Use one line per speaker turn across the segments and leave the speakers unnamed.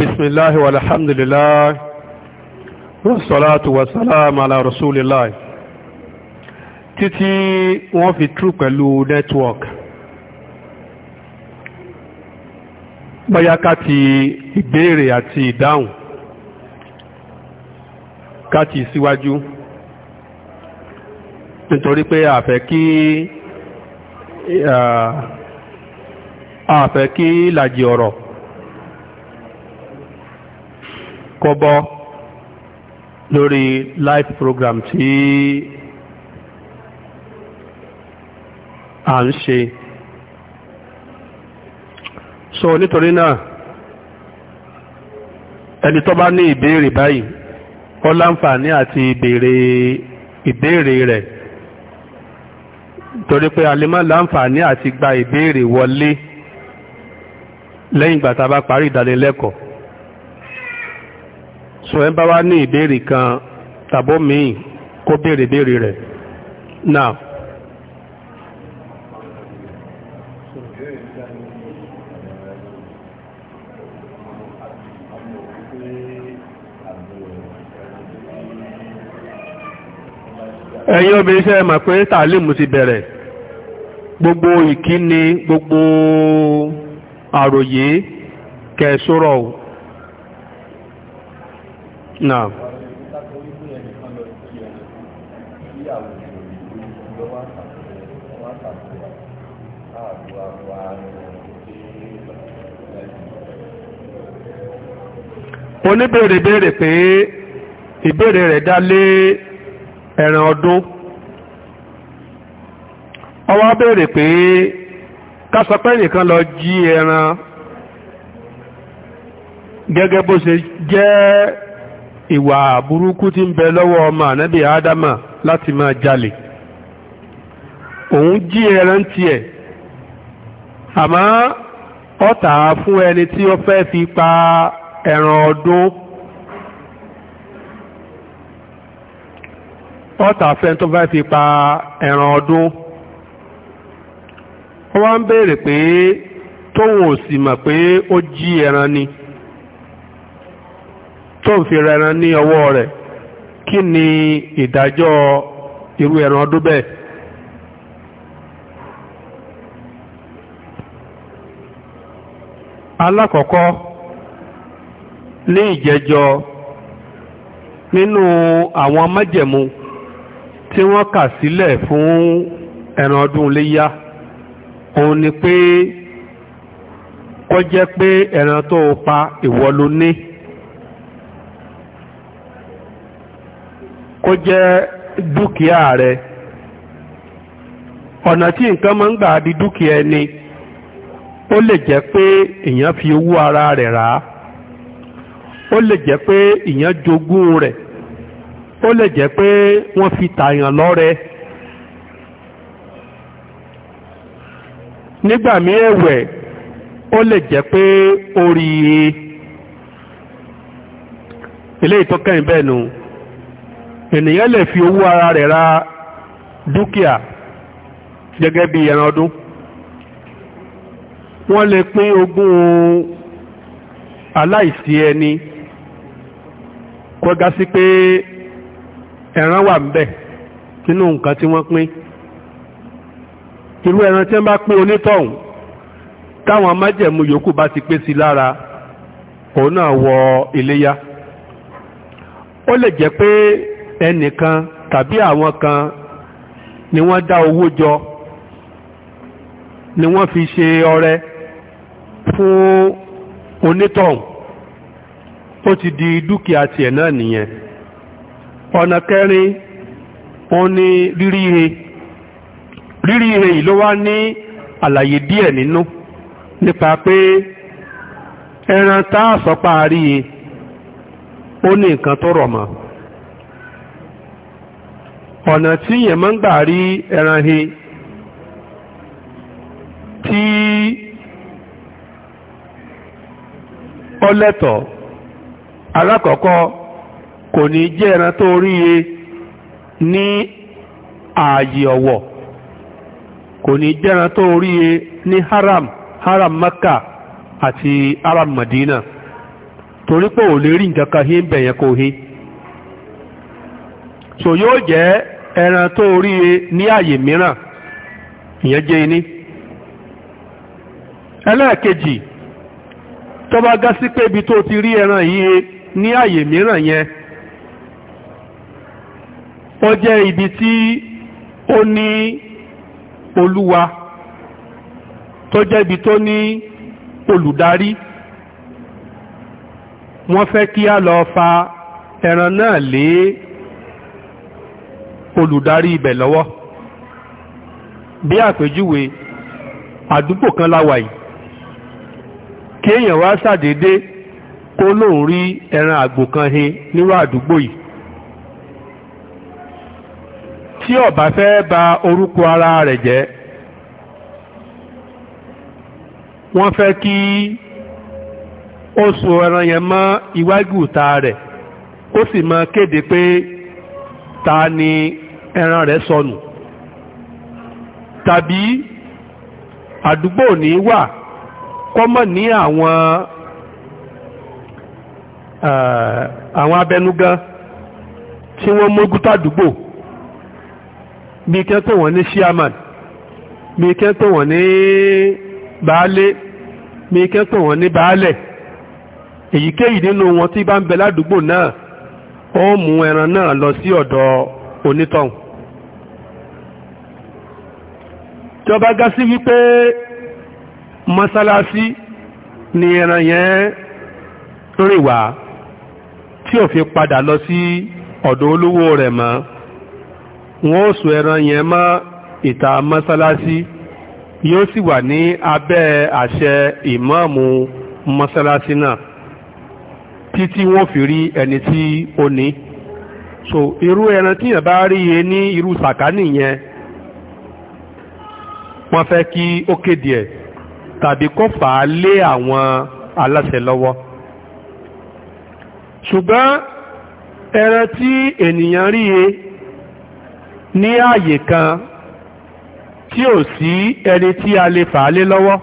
بسم الله والحمد لله والصلاة والسلام على رسول الله títí wọ́n fi tú pẹ̀lú network bóyá ká ti ìbéèrè àti ìdáhùn ká ti síwájú nítorí pé àfẹ́ kí àfẹ́ kí ìlàjì ọ̀rọ̀ kọ́bọ́ lórí live program tí à ń ṣe so nítorí náà ẹni tó bá ní ìbéèrè báyìí ó láǹfààní àti ìbéèrè ìbéèrè rẹ̀ torí pé a lè má láǹfààní àti gba ìbéèrè wọlé lẹ́yìn ìgbà bá parí ìdánilẹ́kọ̀ọ́ so ẹ bá wá ní ìbéèrè kan tàbó míì kó béèrè béèrè rẹ̀ now ẹ̀yin obìnrin ṣe mọ̀ pé tàlímù ti bẹ̀rẹ̀ gbogbo ìkíni gbogbo àròyé kẹsùrọ̀ náà oníbèrè béèrè pé ìbéèrè rẹ̀ dá lé ẹran ọdún ó wá béèrè pé ká sọ pé nìkan lọ jí ẹran gẹ́gẹ́ bó ṣe jẹ́ ìwà burúkú ti ń bẹ lọ́wọ́ ọmọ ànábì ádámà láti máa jalè òun jí ẹran ti ẹ̀ àmá tà á fún ẹni tí ó fẹ́ fi pa ẹran ọdún ó tà á fẹ́ tó fẹ́ fi pa ẹran ọdún ó wá ń béèrè pé tóun ò sì mọ̀ pé ó jí ẹran ni. tó ń fi rẹran ní ọwọ́ rẹ̀ kí ni ìdájọ́ irú ẹran ọdún bẹ́ẹ̀ alákọ̀ọ́kọ́ ní ìjẹjọ́ nínú àwọn májẹ̀mú tí wọ́n kà sílẹ̀ fún ẹran ọdún léyá òun ni pé kó jẹ́ pé ẹran tó pa ìwọ ló ní. kó jẹ́ dúkìá rẹ ọ̀nà tí nǹkan máa ń gbà di dúkìá ẹni ó lè jẹ́ pé èèyàn fi owó ara rẹ̀ rà á ó lè jẹ́ pé èèyàn jogún rẹ̀ ó lè jẹ́ pé wọ́n fi tààyàn lọ́rẹ. nígbà míì ẹ̀wẹ̀ ó lè jẹ́ pé orí eléyìí tó kẹ́yìn bẹ́ẹ̀ nù. ènìyàn lè fi owó ara rẹ̀ ra dúkìá gẹ́gẹ́ bí ẹran ọdún wọ́n lè pín ogún aláìsí ẹni kọjá sí pé ẹran wà ń bẹ̀ nínú nǹkan tí wọ́n pín irú ẹran tí wọ́n bá pín onítọ̀hún táwọn májẹ̀mú yòókù bá ti pé sí lára òun náà wọ iléyá ó lè jẹ́ pé ẹnìkan tàbí àwọn kan ni wọ́n dá owó jọ ni wọ́n fi ṣe ọrẹ fún onítọ̀hún ó ti di dúkìá tiẹ̀ náà nìyẹn ọ̀nà kẹrin òun ni rírí ihe rírí ihe yìí ló wá ní àlàyé díẹ̀ nínú nípa pé ẹran tá a sọ pa ó ní nǹkan tó rọ̀ mọ́ ọ̀nà tí yẹn máa ń gbà rí o he tí ọlẹ́tọ̀ alákọ̀ọ́kọ́ kò ní jẹ́ ẹran tó rí he ní ààyè ọ̀wọ̀ kò ní haram haram maka àti haram Madina torí ò lè rí nǹkan kan hí ń so yóò jẹ́ ẹran tó rí e ní àyè mìíràn ìyẹn jẹ́ iní ẹlẹ́ẹ̀kejì tó bá gá sí pé ibi tó ti rí ẹran yìí e ní àyè mìíràn yẹn ó jẹ́ ibi tí ó ní olúwa tó jẹ́ ibi tó ní olùdarí wọ́n fẹ́ kí á lọ fa ẹran náà lé olùdarí ibẹ̀ lọ́wọ́ bí àpèjúwe àdúgbò kan láwà yìí kí èèyàn wá ṣàdédé kó lóun rí ẹran àgbò kan he níwá àdúgbò yìí tí ọba fẹ́ ba orúkọ ara rẹ̀ jẹ́ wọ́n fẹ́ kí ó so ẹran yẹn mọ́ iwájú ìta rẹ̀ ó sì máa kéde pé ta ni ẹran rẹ̀ sọnù tàbí àdúgbò ní wà kọ́mọ̀ ní àwọn eh, àwọn abẹnugan tí wọ́n mógútó àdúgbò bí kẹ́ tó wọ́n ní chairman bí kẹ́ tó wọ́n ní baálé bí kẹ́ tó wọ́n ní baálẹ̀ èyíkéyìí nínú wọn tí bá ń bẹ ládùúgbò náà ó mú ẹran náà lọ sí ọ̀dọ̀ onítọ̀hún tó bá gá sí wípé mọ́sálásí ni ẹran yẹn rìn wá tí ò fi padà lọ sí ọ̀dọ̀ olówó rẹ̀ mọ́ wọ́n ó so ẹran yẹn mọ́ ìta mọ́sálásí yóò sì wà ní abẹ́ àṣẹ ìmáàmù mọ́sálásí náà títí wọ́n fi rí ẹni tí ó ní so irú ẹran tíyàn bá rí e ní irú sàkánì yẹn wọ́n fẹ́ kí ó kéde ẹ̀ tàbí kó fà á lé àwọn aláṣẹ lọ́wọ́ ṣùgbọ́n ẹran tí ènìyàn rí e ní ààyè kan tí ò sí ẹni tí a lè fà á lé lọ́wọ́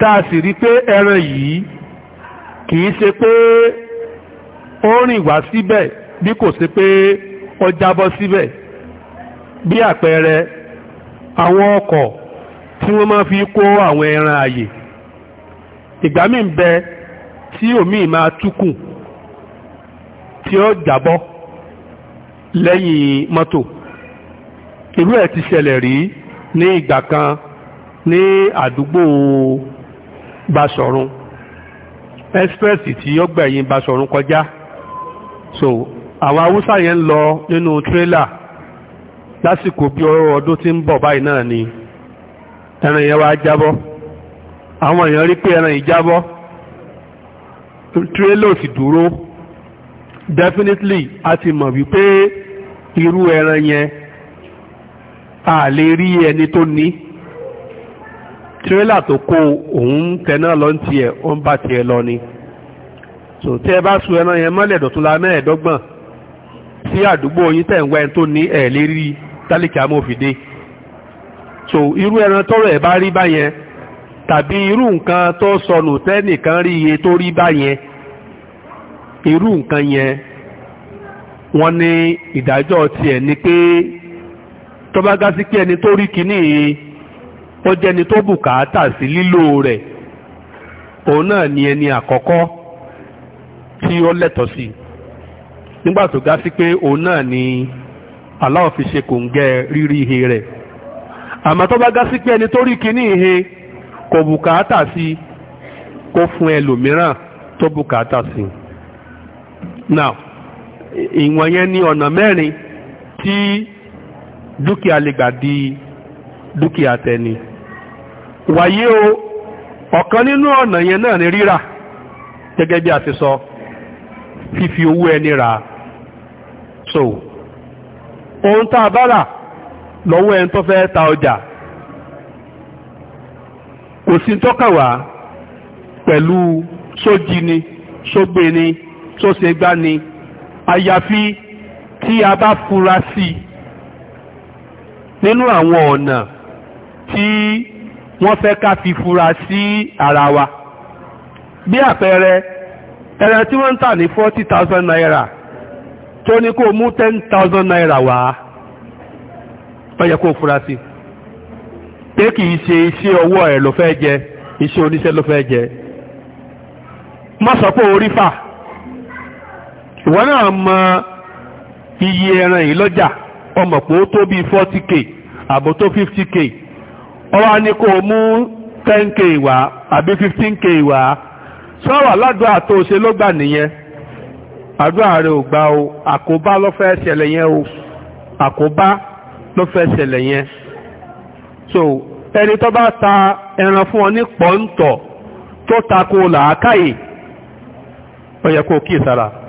tá a sì rí pé ẹran yìí kì í ṣe pé ó rìn wá síbẹ̀ bí kò ṣe pé ó jábọ́ síbẹ̀ bí àpẹẹrẹ àwọn ọkọ̀ tí wọ́n máa fi kó àwọn ẹran àyè ìgbà míì ń bẹ tí òmíì máa túkùn tí ó jábọ́ lẹ́yìn mọ́tò irú ẹ̀ ti ṣẹlẹ̀ rí ní ìgbà kan ní àdúgbò Basọ̀run express tí ó gbẹ̀yìn Basọ̀run kọjá so àwọn Haúsá yẹn ń lọ nínú tírélà. No lásìkò bí ọdún tí ń bọ̀ báyìí náà ni ẹran yẹn wá jábọ́ àwọn èèyàn rí pé ẹran yìí jábọ́ tírélò sì dúró definitely a ti mọ̀ wípé irú ẹran yẹn a lè rí ẹni tó ní tírélà tó kó òun tẹná lọ ń tiẹ̀ ó ń bá tiẹ̀ lọ ni so tẹ́ ẹ bá sun ẹran yẹn mọ́lẹ̀ dọ̀tún la mẹ́ẹ̀ẹ́dọ́gbọ̀n sí àdúgbò yín tẹ̀ ń wá ẹni tó ní ẹ̀ lérí tálíkì amófìdé so irú ẹran tọrọ ẹ bá rí báyẹn tàbí irú nǹkan tó sọnù tẹ́nìkan rí iye tó rí báyẹn irú nǹkan yẹn wọ́n ní ìdájọ́ tiẹ̀ ni pé tó bá pé ẹni tó rí kíní ó jẹ́ ẹni tó bùkátà sí lílò rẹ̀ òun náà ni ẹni àkọ́kọ́ tí ó lẹ́tọ̀ọ́ sí nígbà tó gá sí pé òun náà ni. ala fi ṣe kò ń gẹ rírí ihe rẹ àmọ́ tó bá gá sí pé ẹni tó rí kíní ihe kò bùkátà sí kó fún ẹlòmíràn tó bùkátà sí now ìwọ̀n yẹn ni ọ̀nà mẹ́rin tí dúkìá lè gbà di dúkìá tẹni wàyé o ọ̀kan nínú ọ̀nà yẹn náà ni rírà gẹ́gẹ́ bí a ti sọ fífi owó ẹni rà so ohun tá a bá rà lọ́wọ́ ẹni tó fẹ́ ta ọjà kò sí tọ́kàwá pẹ̀lú sójì ni sógbé ni sósegbá ni àyàfi tí a bá fura sí nínú àwọn ọ̀nà tí wọ́n fẹ́ ká fi fura sí ara wa bí àpẹẹrẹ ẹran tí wọ́n ń tà ní forty thousand naira tó ní kó mú 10,000 naira wá ó yẹ kó sí pé kì í ṣe iṣẹ́ ọwọ́ ẹ̀ ló fẹ́ jẹ iṣẹ́ oníṣẹ́ ló fẹ́ jẹ má sọ pé orí fà náà mọ iye ẹran yìí lọ́jà ọmọ pé tó bí forty k àbò tó fifty k ní kó ten k wá àbí fifteen k wá sọ́wọ́ àtòṣe ló gbà nìyẹn. àdúrà rẹ̀ ò gbà o àkóbá ló fẹ́ ṣẹlẹ̀ yẹn o àkóbá ló ṣẹlẹ̀ yẹn so ẹni tó bá ta ẹran fún ọ ní pọ́ńtọ̀ tó tako làákàyè ó yẹ kó kíyèsára